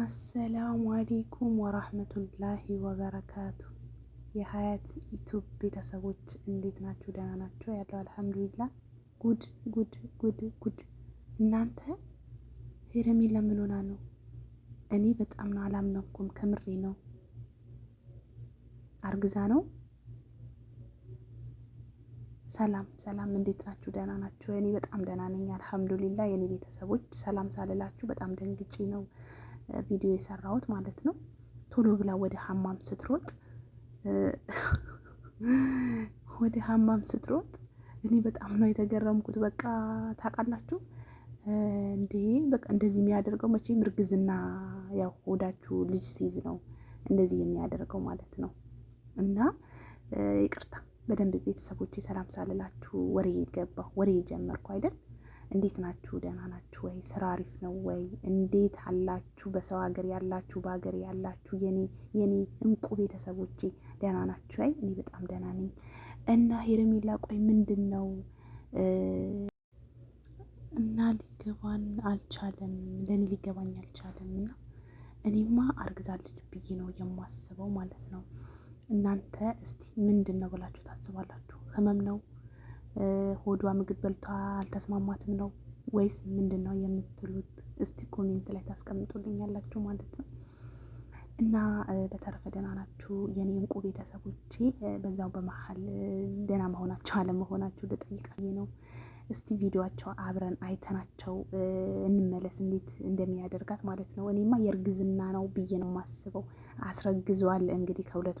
አሰላሙ አሌይኩም ወራህመቱላሂ ወበረካቱ። የሀያት ዩቱብ ቤተሰቦች እንዴት ናችሁ? ደህና ናቸው ያለው አልሐምዱሊላ። ጉድ ጉድ ጉድ ጉድ! እናንተ ሄረሜላ ምን ሆና ነው? እኔ በጣም ነው አላመንኩም። ከምሬ ነው። አርግዛ ነው። ሰላም ሰላም፣ እንዴት ናችሁ? ደህና ናቸው። እኔ በጣም ደህና ነኝ አልሐምዱሊላ። የእኔ ቤተሰቦች ሰላም ሳልላችሁ በጣም ደንግጬ ነው ቪዲዮ የሰራሁት ማለት ነው። ቶሎ ብላ ወደ ሀማም ስትሮጥ ወደ ሀማም ስትሮጥ እኔ በጣም ነው የተገረምኩት። በቃ ታውቃላችሁ እንዴ በቃ እንደዚህ የሚያደርገው መቼም እርግዝና ያው ሆዳችሁ ልጅ ሲይዝ ነው እንደዚህ የሚያደርገው ማለት ነው። እና ይቅርታ በደንብ ቤተሰቦቼ ሰላም ሳልላችሁ ወሬ ገባሁ፣ ወሬ ጀመርኩ አይደል? እንዴት ናችሁ? ደህና ናችሁ ወይ? ስራ አሪፍ ነው ወይ? እንዴት አላችሁ? በሰው ሀገር ያላችሁ፣ በሀገር ያላችሁ የኔ የኔ እንቁ ቤተሰቦቼ ደህና ናችሁ ወይ? እኔ በጣም ደህና ነኝ። እና ሄርሜላ ቆይ ምንድን ነው እና ሊገባን አልቻለም፣ ለእኔ ሊገባኝ አልቻለም። እና እኔማ አርግዛለች ብዬ ነው የማስበው ማለት ነው። እናንተ እስቲ ምንድን ነው ብላችሁ ታስባላችሁ? ህመም ነው ሆዷ ምግብ በልቷ አልተስማማትም ነው ወይስ ምንድን ነው የምትሉት? እስቲ ኮሜንት ላይ ታስቀምጡልኝ ያላችሁ ማለት ነው። እና በተረፈ ደህና ናችሁ የኔ እንቁ ቤተሰቦቼ? በዛው በመሀል ደህና መሆናቸው አለመሆናቸው ልጠይቃዬ ነው። እስቲ ቪዲዮቸው አብረን አይተናቸው እንመለስ፣ እንዴት እንደሚያደርጋት ማለት ነው። እኔማ የእርግዝና ነው ብዬ ነው የማስበው። አስረግዘዋል እንግዲህ ከሁለት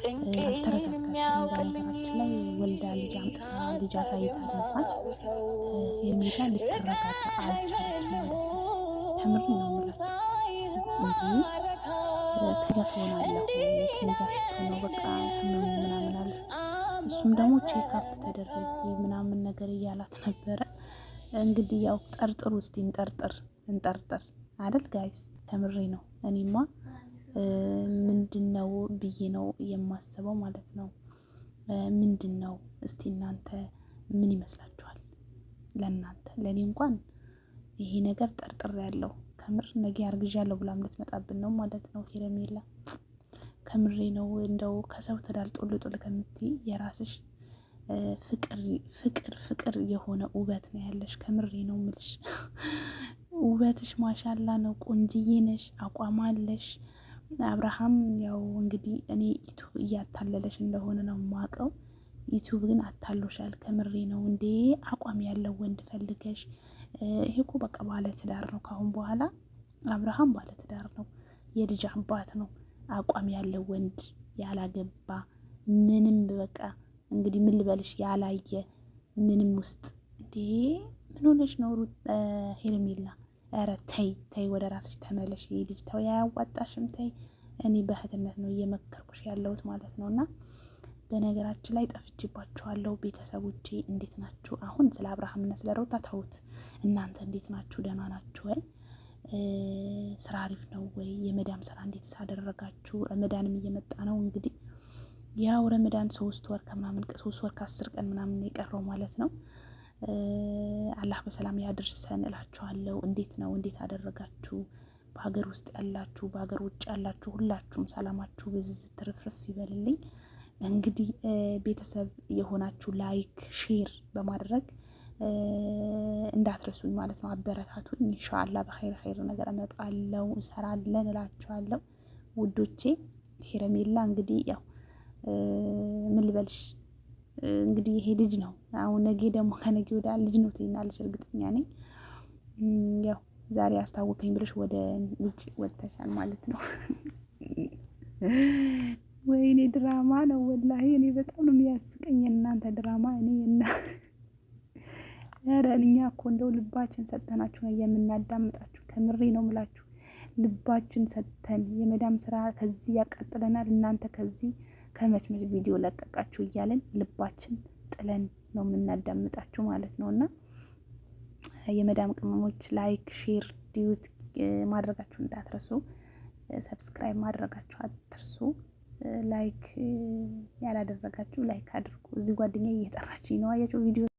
ሲሆን ያልተረጋጋች ላይ ወልዳ ልጅ ልጅ አሳይታ ልትረጋጋ አልቻለችም። ነው በቃ ምናምን አለ። እሱም ደግሞ ምናምን ነገር እያላት ነበረ። እንግዲህ ያው ጠርጥር ውስጥ እንጠርጥር እንጠርጥር አይደል ጋይስ፣ ተምሬ ነው እኔማ ምንድን ነው ብዬ ነው የማስበው ማለት ነው። ምንድን ነው እስቲ እናንተ ምን ይመስላችኋል? ለእናንተ ለእኔ እንኳን ይሄ ነገር ያለው ከምር ነገ አርግዣለሁ ብላ የምትመጣብን ነው ማለት ነው ሄረሜላ። ከምሬ ነው እንደው ከሰው ትዳር ጦል ጦል ከምትይ የራስሽ ፍቅር ፍቅር ፍቅር የሆነ ውበት ነው ያለሽ። ከምሬ ነው ምልሽ ውበትሽ ማሻላ ነው። ቆንጅዬ ነሽ፣ አቋም አለሽ። አብርሃም ያው እንግዲህ እኔ ዩቱብ እያታለለሽ እንደሆነ ነው የማውቀው። ዩቱብ ግን አታሎሻል። ከምሬ ነው እንዴ አቋም ያለው ወንድ ፈልገሽ። ይሄ እኮ በቃ ባለ ትዳር ነው። ካሁን በኋላ አብርሃም ባለ ትዳር ነው፣ የልጅ አባት ነው። አቋም ያለው ወንድ ያላገባ ምንም በቃ እንግዲህ ምን ልበልሽ ያላየ ምንም ውስጥ እንዴ ምን ሆነሽ ነው ሄርሜላ? ኧረ ተይ ተይ፣ ወደ ራስሽ ተመለሽ። ይህ ልጅ ተው፣ ያያዋጣሽም። ተይ እኔ በእህትነት ነው እየመከርኩሽ ያለሁት ማለት ነው። እና በነገራችን ላይ ጠፍቼባችኋለሁ ቤተሰቦቼ፣ እንዴት ናችሁ? አሁን ስለ አብርሃምና ስለ ሮታ ተውት። እናንተ እንዴት ናችሁ? ደህና ናችሁ ወይ? ስራ አሪፍ ነው ወይ? የመዳም ስራ እንዴት ሳደረጋችሁ? ረመዳንም እየመጣ ነው እንግዲህ ያው ረመዳን ሶስት ወር ከምናምን ሶስት ወር ከአስር ቀን ምናምን የቀረው ማለት ነው። አላህ በሰላም ያድርሰን እላችኋለሁ። እንዴት ነው? እንዴት አደረጋችሁ? በሀገር ውስጥ ያላችሁ፣ በሀገር ውጭ ያላችሁ ሁላችሁም ሰላማችሁ ብዝዝ ትርፍርፍ ይበልልኝ። እንግዲህ ቤተሰብ የሆናችሁ ላይክ፣ ሼር በማድረግ እንዳትረሱኝ ማለት ነው። አበረታቱኝ። እንሻላ በኸይር ኸይር ነገር እመጣለሁ፣ እንሰራለን እላችኋለሁ ውዶቼ። ሄረሜላ እንግዲህ ያው ምን ልበልሽ እንግዲህ ይሄ ልጅ ነው። አሁን ነገ ደግሞ ከነገ ወዲያ ልጅ ነው ትይናለች፣ እርግጠኛ ነኝ። ያው ዛሬ አስታወቀኝ ብለሽ ወደ ውጭ ወጥተሻል ማለት ነው። ወይኔ ድራማ ነው ወላሂ። እኔ በጣም ነው የሚያስቀኝ የእናንተ ድራማ። እኔ እና ኧረ እኛ እኮ እንደው ልባችን ሰጥተናችሁ ነው የምናዳምጣችሁ። ከምሬ ነው ምላችሁ ልባችን ሰጥተን የመዳም ስራ ከዚህ ያቃጥለናል፣ እናንተ ከዚህ ከመችመች ቪዲዮ ለቀቃችሁ እያለን ልባችን ጥለን ነው የምናዳምጣችሁ ማለት ነው። እና የመዳም ቅመሞች ላይክ፣ ሼር፣ ዲዩት ማድረጋችሁ እንዳትረሱ፣ ሰብስክራይብ ማድረጋችሁ አትርሱ። ላይክ ያላደረጋችሁ ላይክ አድርጉ። እዚህ ጓደኛ እየጠራችኝ ነው። አያችሁ ቪዲዮ